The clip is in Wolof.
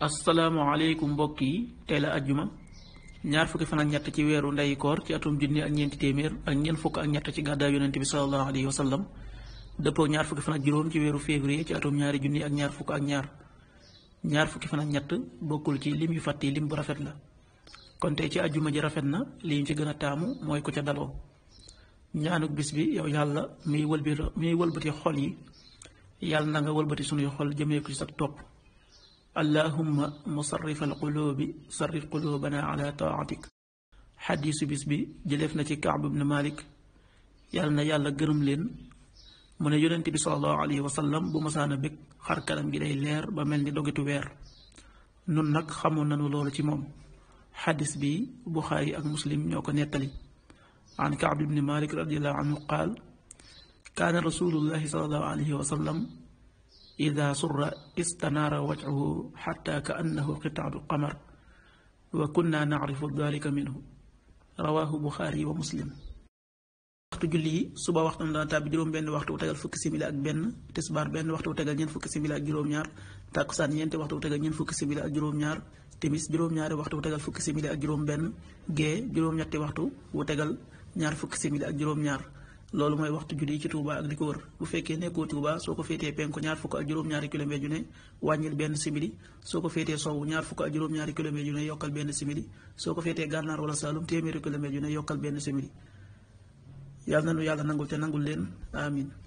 asalaamaaleykum mbokk yi tey la ajjuma ñaar fukki fan ñett ci weeru ndeykoor ci atum junni ak ñeenti téeméer ak ñeent fukk ak ñett ci gàddaay yonente bi salallahu alayhi wa sallam dëppoo ñaar fukki fan ak juróom ci weeru février ci atum ñaari junni ak ñaar fukk ak ñaar ñaar fukki fan ñett bokkul ci lim yu fàtte lim bu rafet la kon tey ci ajjuma ji rafet na li ñu ci gën a taamu mooy ko ca daloo ñaanuk bis bi yow yàlla miy wëlbati xol yi yàlla na nga wëlbati sunuy xol jëmee ko ci sa topp allahumma musarrif alquluubi sarrif quluubana ala taatik xadiisu bis bi jëleef na ci kaab ibn malik yàlla na yàlla gërëm leen mu ne yonent bi sallallahu alayhi wa sallam bu masaana bég xar kanam gi day leer ba mel ni dogetu weer nun nag xamoon nañu loolu ci moom xadis bi buxaari ak muslim ñoo ko nettali an kaab ibn malik radiallahu anhu qaal kaana rasulullahi sallallahu alayhi wa sallam ida surra istanaara wajhuhu xatta ka annahu qitaatu qamar wa kunna nacrifu dalika minhu rawaahu buxaari wa muslim waxtu julli yi na dana tàbbi juróom benn waxtu tegal fukki simili ak benn tisbaar benn waxtu tegal ñeent fukki simila ak juróom-ñaar tàkkusaan ñeenti waxtu tegal ñeent fukki simili ak juróom-ñaar timis juróom-ñaari waxtu tegal fukki simili ak juróom benn gee waxtu wu tegal ñaar fukki simili ak juróom-ñaar loolu mooy waxtu julli ci Touba ak li ko wër bu fekkee nekkoo Touba soo ko féetee penku ñaar fukk ak juróom-ñaari kilomètre ju ne wàññil benn simili soo ko féetee sowwu ñaar fukk ak juróom-ñaari kilomètre ju ne yokkal benn simili soo ko féetee gànnaar wala Saalum téeméeri kilomètre ju ne benn simili yàlla na nu yàlla nangul te nangul leen amin